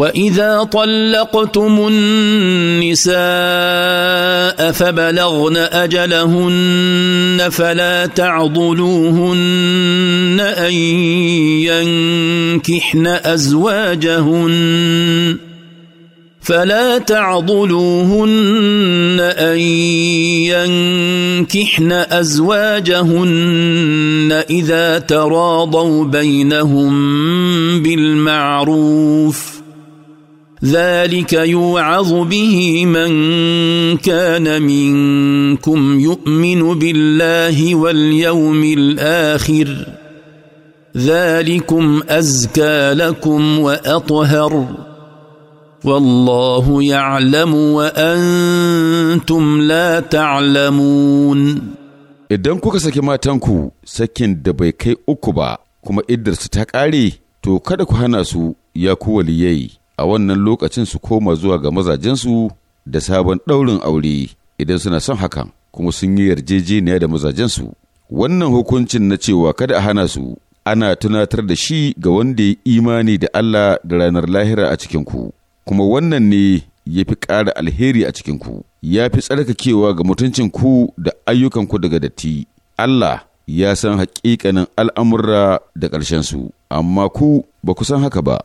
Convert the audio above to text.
واذا طلقتم النساء فبلغن اجلهن فلا تعضلوهن ان ينكحن ازواجهن فلا تعضلوهن ان ينكحن ازواجهن اذا تراضوا بينهم بالمعروف ذلك يوعظ به من كان منكم يؤمن بالله واليوم الاخر ذلكم ازكى لكم واطهر والله يعلم وانتم لا تعلمون idan kuka saki matanku sakin da bai kai uku ba kuma iddarsu ta ƙare to kada ku hana su ya ku waliyai a wannan lokacin su koma zuwa ga mazajensu da sabon ɗaurin aure idan suna son hakan kuma sun yi yarjejeniya da mazajensu wannan hukuncin na cewa kada a hana su ana tunatar da shi ga wanda ya imani da Allah da ranar lahira a cikin ku kuma wannan ne ya fi ƙara alheri a cikinku ya fi tsarkakewa ga mutuncin ku da ayyukan ku daga datti Allah ya san haƙiƙanin al'amurra da ƙarshen su amma ku ba ku san haka ba